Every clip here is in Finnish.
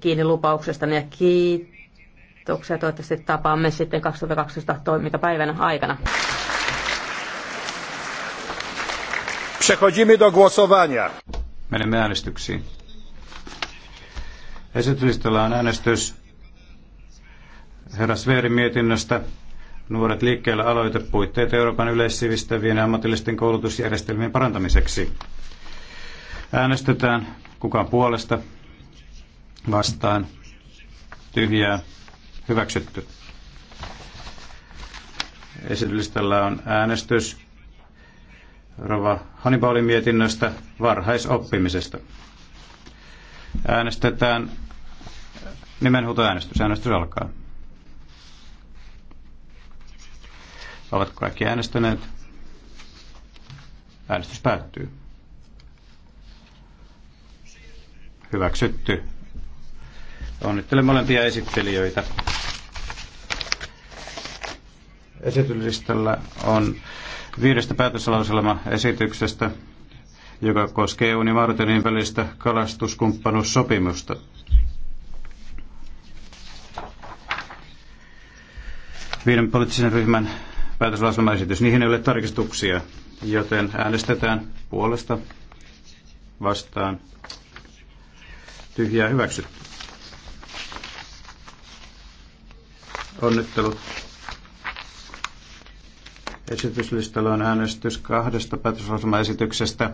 kiinni lupauksesta ja niin kiitoksia. Toivottavasti tapaamme sitten 2012 toimintapäivänä aikana. Przechodzimy do głosowania. Menemme äänestyksiin. Esityslistalla on äänestys herra Sveerin mietinnöstä Nuoret liikkeellä puitteet Euroopan yleissivistävien ammatillisten koulutusjärjestelmien parantamiseksi. Äänestetään kukaan puolesta, vastaan tyhjää hyväksytty. Esityslistalla on äänestys Rova Hannibalin mietinnöstä varhaisoppimisesta. Äänestetään nimenhuutoäänestys. Äänestys alkaa. Oletko kaikki äänestäneet? Äänestys päättyy. Hyväksytty. Onnittelen molempia esittelijöitä. Esityslistalla on viidestä päätöslauselma-esityksestä, joka koskee EUn ja Martinin välistä kalastuskumppanuussopimusta. Viiden poliittisen ryhmän päätöslauselmaesitys. Niihin ei ole tarkistuksia, joten äänestetään puolesta vastaan tyhjää hyväksytty. Onnittelut. Esityslistalla on äänestys kahdesta päätöslausumaesityksestä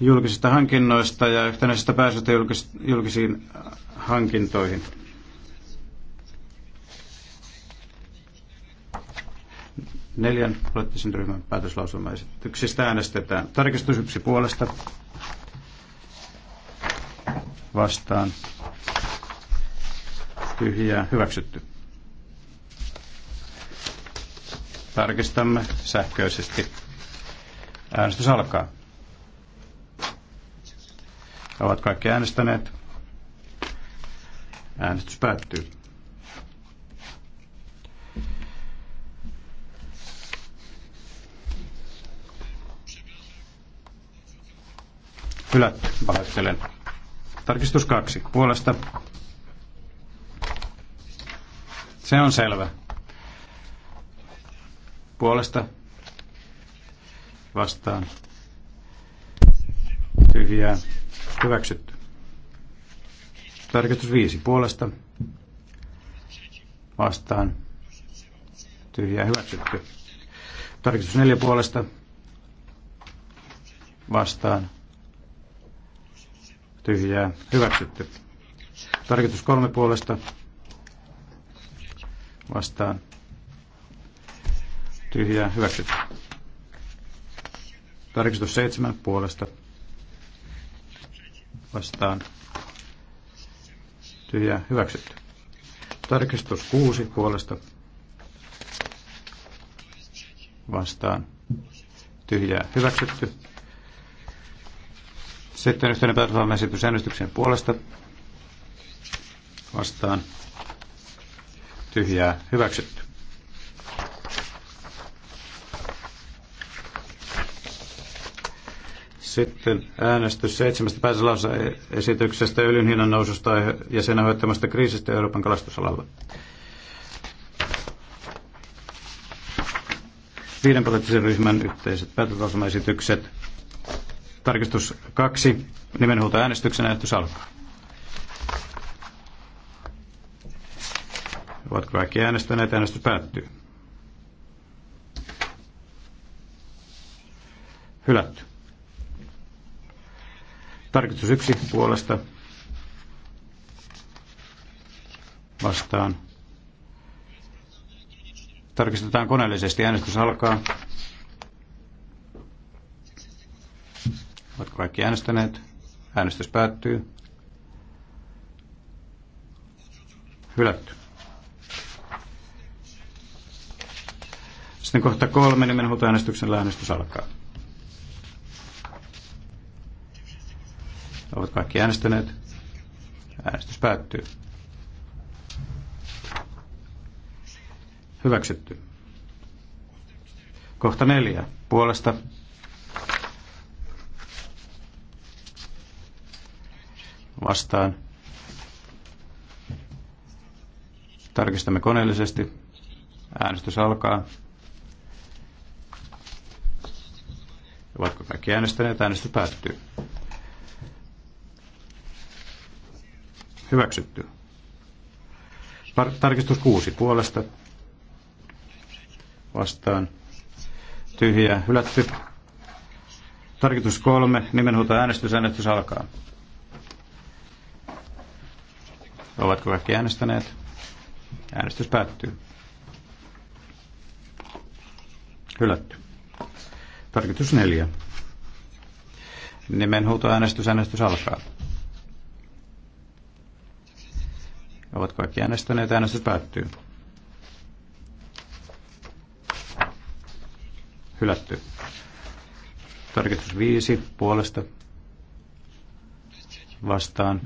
julkisista hankinnoista ja yhtenäisestä pääsystä julkisiin hankintoihin. Neljän poliittisen ryhmän päätöslausumaesityksistä äänestetään. Tarkistus yksi puolesta vastaan tyhjää hyväksytty. Tarkistamme sähköisesti. Äänestys alkaa. Ovat kaikki äänestäneet. Äänestys päättyy. Hylätty, pahoittelen. Tarkistus kaksi. Puolesta se on selvä. Puolesta vastaan tyhjää hyväksytty. Tarkoitus viisi puolesta vastaan tyhjää hyväksytty. Tarkistus neljä puolesta vastaan tyhjää hyväksytty. Tarkistus kolme puolesta vastaan tyhjää hyväksytty. Tarkistus puolesta vastaan tyhjää hyväksytty. Tarkistus 6 puolesta vastaan tyhjää hyväksytty. Sitten yhteinen päätösvalmaesitys äänestyksen puolesta vastaan tyhjää hyväksytty. Sitten äänestys seitsemästä esityksestä öljyn hinnan noususta ja sen aiheuttamasta kriisistä Euroopan kalastusalalla. Viiden poliittisen ryhmän yhteiset päätöslausumaesitykset. Tarkistus kaksi. Nimenhuolto äänestyksen äänestys alkaa. Ovatko kaikki äänestäneet? Äänestys päättyy. Hylätty. Tarkistus yksi puolesta vastaan. Tarkistetaan koneellisesti. Äänestys alkaa. Ovatko kaikki äänestäneet? Äänestys päättyy. Hylätty. Sitten kohta kolme, niin minun äänestyksen äänestys alkaa. Ovat kaikki äänestäneet. Äänestys päättyy. Hyväksytty. Kohta neljä. Puolesta. Vastaan. Tarkistamme koneellisesti. Äänestys alkaa. Kaikki äänestäneet, äänestä päättyy. Hyväksytty. Tarkistus 6 puolesta. Vastaan. Tyhjä. Hylätty. Tarkistus 3. Nimenhuuto äänestys. Äänestys alkaa. Ovatko kaikki äänestäneet? Äänestys päättyy. Hylätty. Tarkistus 4. Nimenhuutoäänestys, äänestys alkaa. Ovat kaikki äänestäneet, äänestys päättyy. Hylätty. Tarkistus 5 puolesta vastaan.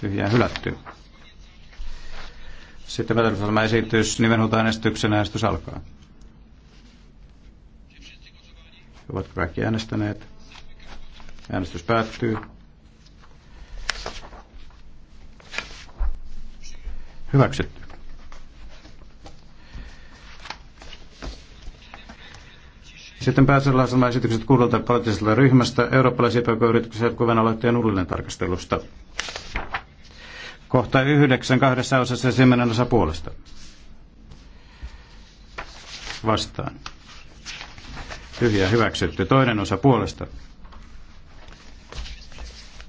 Tyhjään hylätty. Sitten päätösosama esitys nimenhuutoäänestyksen äänestys alkaa. Ovat kaikki äänestäneet. Äänestys päättyy. Hyväksytty. Sitten pääsellaisemmat esitykset kuudelta poliittisesta ryhmästä eurooppalaisia pk-yrityksiä kuvan aloitteen uudelleen tarkastelusta. Kohta yhdeksän kahdessa osassa ja osa puolesta. Vastaan tyhjää hyväksytty. Toinen osa puolesta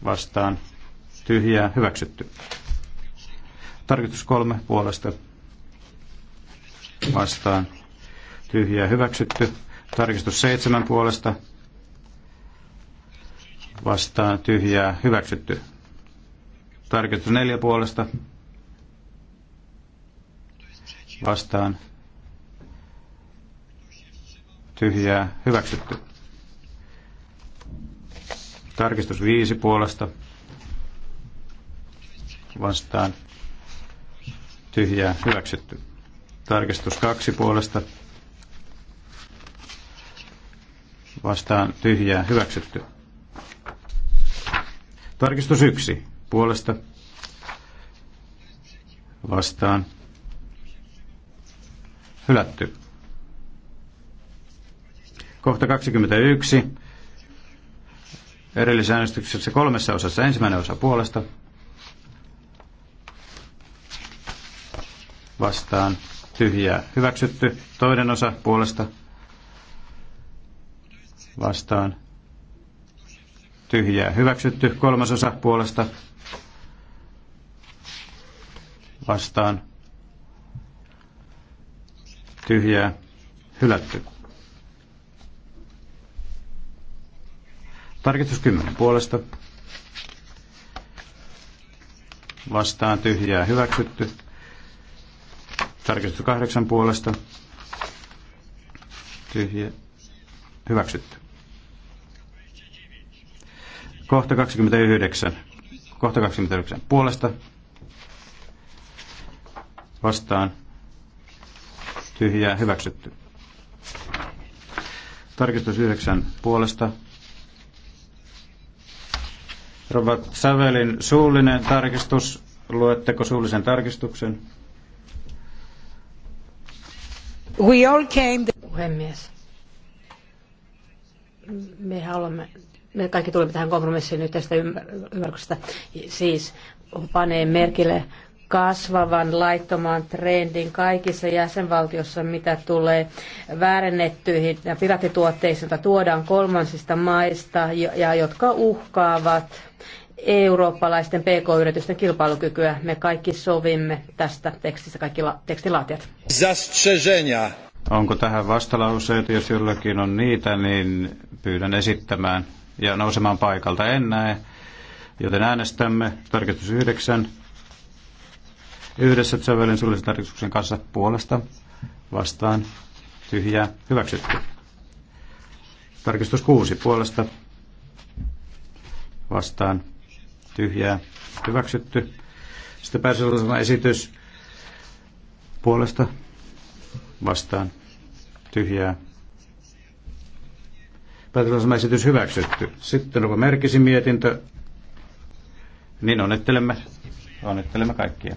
vastaan tyhjää hyväksytty. Tarkoitus kolme puolesta vastaan tyhjää hyväksytty. Tarkistus seitsemän puolesta vastaan tyhjää hyväksytty. Tarkistus neljä puolesta vastaan tyhjää hyväksytty. Tarkistus viisi puolesta vastaan tyhjää hyväksytty. Tarkistus kaksi puolesta vastaan tyhjää hyväksytty. Tarkistus yksi puolesta vastaan hylätty. Kohta 21. Erillisäänestyksessä kolmessa osassa ensimmäinen osa puolesta. Vastaan tyhjää hyväksytty. Toinen osa puolesta. Vastaan tyhjää hyväksytty. Kolmas osa puolesta. Vastaan tyhjää hylätty. Tarkistus 10 puolesta. Vastaan tyhjää hyväksytty. Tarkistus 8 puolesta. Tyhjä. Hyväksytty. Kohta 29. Kohta 29 puolesta. Vastaan tyhjää hyväksytty. Tarkistus 9 puolesta Rova Savelin suullinen tarkistus. Luetteko suullisen tarkistuksen? We all came the... Puhemies. Me haluamme, me kaikki tulemme tähän kompromissiin yhteistä ymmärryksestä. Siis panee merkille kasvavan laittoman trendin kaikissa jäsenvaltiossa, mitä tulee väärennettyihin ja piratituotteisiin, joita tuodaan kolmansista maista ja jotka uhkaavat eurooppalaisten pk-yritysten kilpailukykyä. Me kaikki sovimme tästä tekstissä, kaikki la- tekstilaatijat. Zastrzeżenia. Onko tähän vastalauseita? Jos jollakin on niitä, niin pyydän esittämään ja nousemaan paikalta. En näe, joten äänestämme. Tarkistus 9 yhdessä Tsevelin suullisen tarkistuksen kanssa puolesta vastaan tyhjää hyväksytty. Tarkistus 6 puolesta vastaan tyhjää hyväksytty. Sitten pääsee esitys puolesta vastaan tyhjää. Päätösasema esitys hyväksytty. Sitten onko merkisi mietintö? Niin onnittelemme. Onnittelemme kaikkia.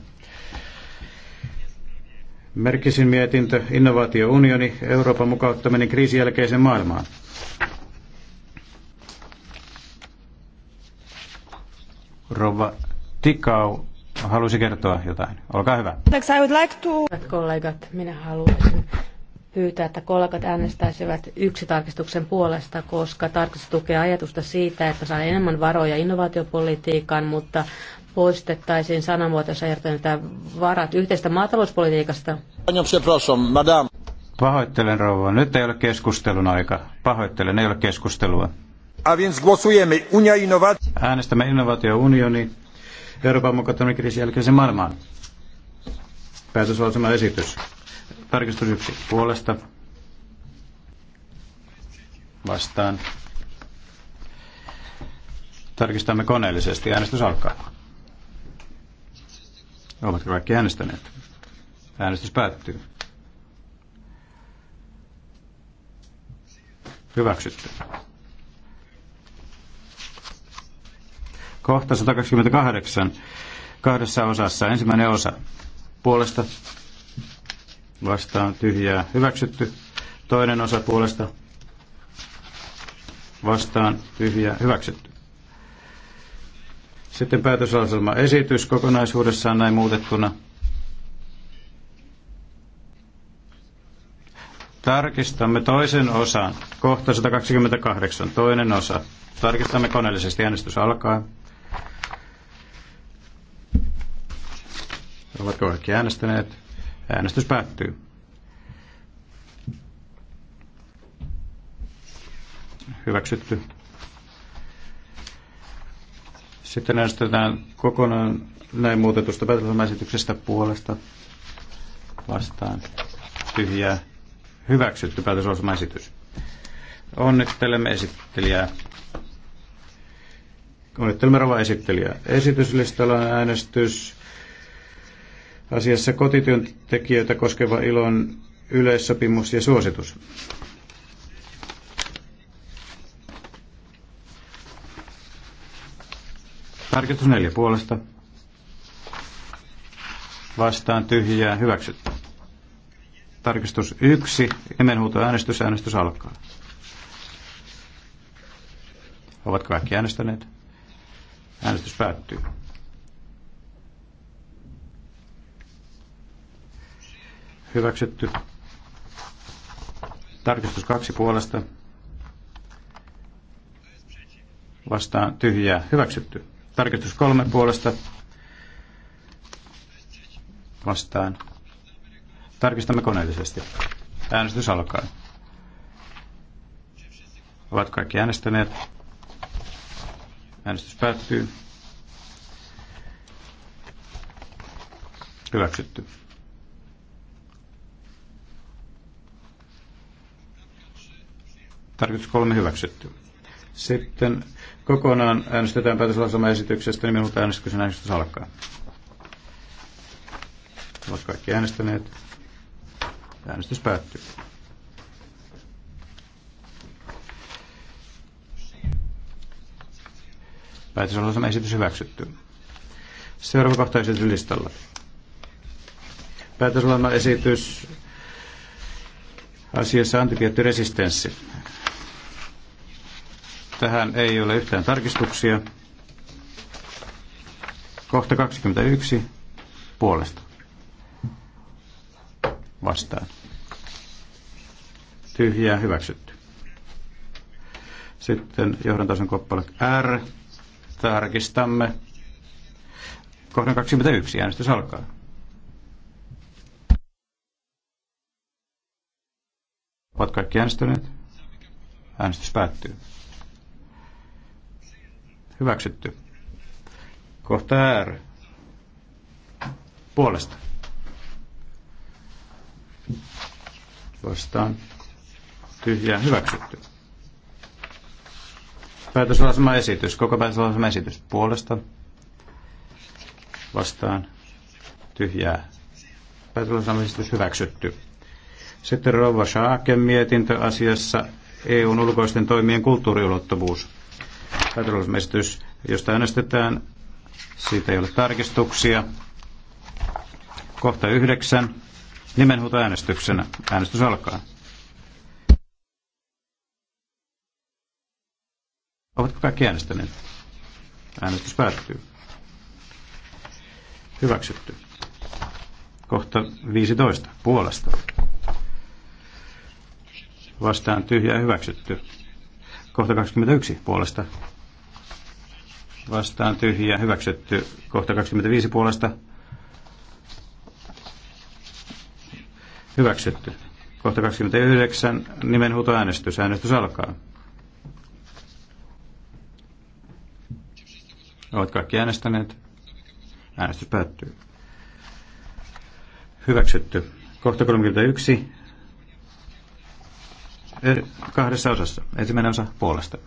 Merkisin mietintö, innovaatiounioni, Euroopan mukauttaminen kriisin maailmaan. Rova Tikau halusi kertoa jotain. Olkaa hyvä. Kollegat, minä haluaisin pyytää, että kollegat äänestäisivät yksi tarkistuksen puolesta, koska tarkistus tukee ajatusta siitä, että saa enemmän varoja innovaatiopolitiikkaan, mutta poistettaisiin sanamuoto, jossa varat yhteistä maatalouspolitiikasta. Pahoittelen rouva, nyt ei ole keskustelun aika. Pahoittelen, ei ole keskustelua. A więc głosujemy Unia Innowacji. Äänestämme Euroopan mukauttaminen kriisin jälkeisen maailmaan. Päätöslausuma esitys. Tarkistus puolesta. Vastaan. Tarkistamme koneellisesti. Äänestys alkaa. Ovatko kaikki äänestäneet? Äänestys päättyy. Hyväksytty. Kohta 128 kahdessa osassa. Ensimmäinen osa puolesta vastaan tyhjää hyväksytty. Toinen osa puolesta vastaan tyhjää hyväksytty. Sitten päätöslauselma esitys kokonaisuudessaan näin muutettuna. Tarkistamme toisen osan. Kohta 128. Toinen osa. Tarkistamme koneellisesti. Äänestys alkaa. Ovatko kaikki äänestäneet? Äänestys päättyy. Hyväksytty. Sitten äänestetään kokonaan näin muutetusta päätöslauselmaesityksestä puolesta vastaan tyhjää hyväksytty päätöslauselmaesitys. Onnittelemme esittelijää. Onnittelemme rouva esittelijää. Esityslistalla on äänestys asiassa kotityöntekijöitä koskeva ilon yleissopimus ja suositus. Tarkistus neljä puolesta. Vastaan tyhjää hyväksytty. Tarkistus yksi. Emenhuuto äänestys. Äänestys alkaa. Ovatko kaikki äänestäneet? Äänestys päättyy. Hyväksytty. Tarkistus kaksi puolesta. Vastaan tyhjää. Hyväksytty. Tarkistus kolme puolesta. Vastaan. Tarkistamme koneellisesti. Äänestys alkaa. Ovat kaikki äänestäneet. Äänestys päättyy. Hyväksytty. Tarkoitus kolme hyväksytty. Sitten kokonaan äänestetään esityksestä niin minulta äänestyksen äänestys alkaa. Ovat kaikki äänestäneet. Äänestys päättyy. Päätöslauselman esitys hyväksytty. Seuraava kohta listalla. Päätöslauselma esitys asiassa antibioottiresistenssi. Tähän ei ole yhtään tarkistuksia. Kohta 21 puolesta. Vastaan. Tyhjää hyväksytty. Sitten johdantason koppale R. Tarkistamme. Kohdan 21 äänestys alkaa. Ovat kaikki äänestyneet? Äänestys päättyy. Hyväksytty. Kohta R. Puolesta. Vastaan. Tyhjää. Hyväksytty. Päätöslausuma esitys. Koko päätöslausuma esitys. Puolesta. Vastaan. Tyhjää. Päätöslausuma esitys hyväksytty. Sitten Rova Schaaken mietintö asiassa EUn ulkoisten toimien kulttuuriulottuvuus päätöslausumaesitys, josta äänestetään. Siitä ei ole tarkistuksia. Kohta yhdeksän. Nimenhuuto äänestyksenä. Äänestys alkaa. Ovatko kaikki äänestäneet? Äänestys päättyy. Hyväksytty. Kohta 15. Puolesta. Vastaan tyhjä, hyväksytty. Kohta 21. Puolesta vastaan tyhjä hyväksytty. Kohta 25 puolesta hyväksytty. Kohta 29 nimenhuutoäänestys. Äänestys alkaa. Ovat kaikki äänestäneet. Äänestys päättyy. Hyväksytty. Kohta 31. Eh, kahdessa osassa. Ensimmäinen osa puolesta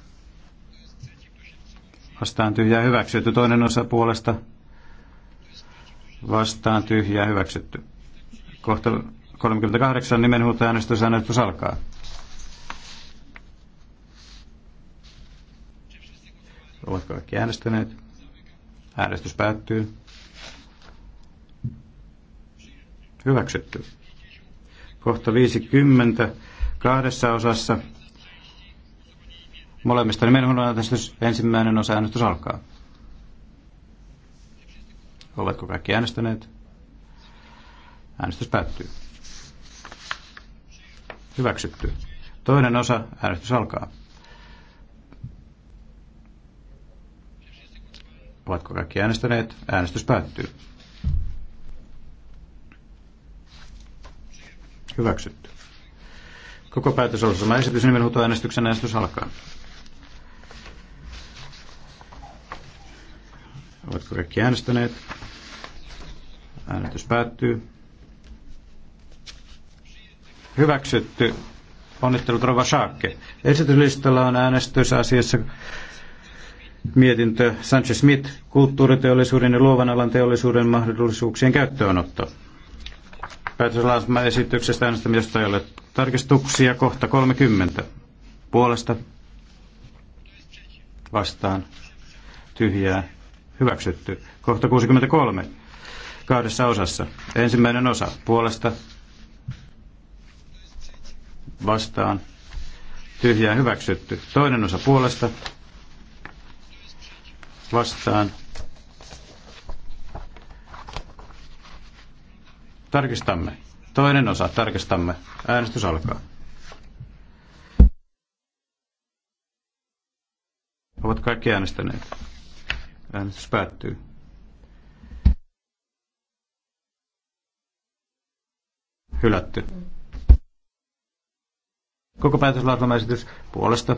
vastaan tyhjä hyväksytty. Toinen osa puolesta vastaan tyhjä hyväksytty. Kohta 38 nimenhuutoäänestys äänestys alkaa. Ovat kaikki äänestäneet. Äänestys päättyy. Hyväksytty. Kohta 50 kahdessa osassa. Molemmista niin on äänestys, ensimmäinen osa äänestys alkaa. Oletko kaikki äänestäneet? Äänestys päättyy. Hyväksytty. Toinen osa, äänestys alkaa. Ovatko kaikki äänestäneet? Äänestys päättyy. Hyväksytty. Koko päätös on sama esitys nimenhuutoäänestyksen äänestys alkaa. kaikki äänestäneet? Äänestys päättyy. Hyväksytty. Onnittelut Rova Saakke. Esityslistalla on äänestys asiassa mietintö Sanchez Smith kulttuuriteollisuuden ja luovan alan teollisuuden mahdollisuuksien käyttöönotto. Päätöslausman esityksestä äänestämisestä ei ole tarkistuksia kohta 30. Puolesta vastaan tyhjää Hyväksytty. Kohta 63. Kahdessa osassa. Ensimmäinen osa puolesta vastaan. Tyhjää hyväksytty. Toinen osa puolesta vastaan. Tarkistamme. Toinen osa. Tarkistamme. Äänestys alkaa. Ovat kaikki äänestäneet. Äänestys päättyy. Hylätty. Koko esitys puolesta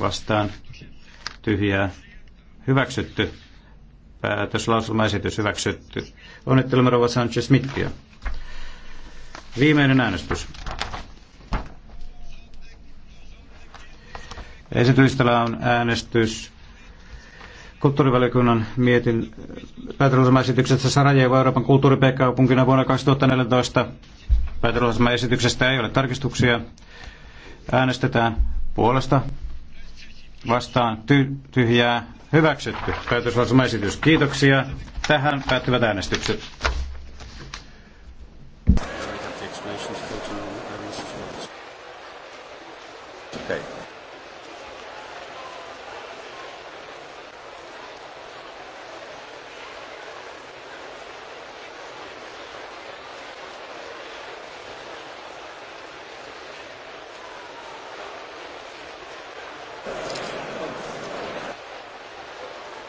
vastaan tyhjää hyväksytty. esitys hyväksytty. Onnittelemme Rova Sanchez-Smithiä. Viimeinen äänestys. Esityställä on äänestys kulttuurivaliokunnan mietin päätöslausumaesityksestä Sarajevo Euroopan kulttuuripääkaupunkina vuonna 2014. Päätöslausumaesityksestä ei ole tarkistuksia. Äänestetään puolesta vastaan ty- tyhjää hyväksytty päätöslausumaesitys. Kiitoksia. Tähän päättyvät äänestykset.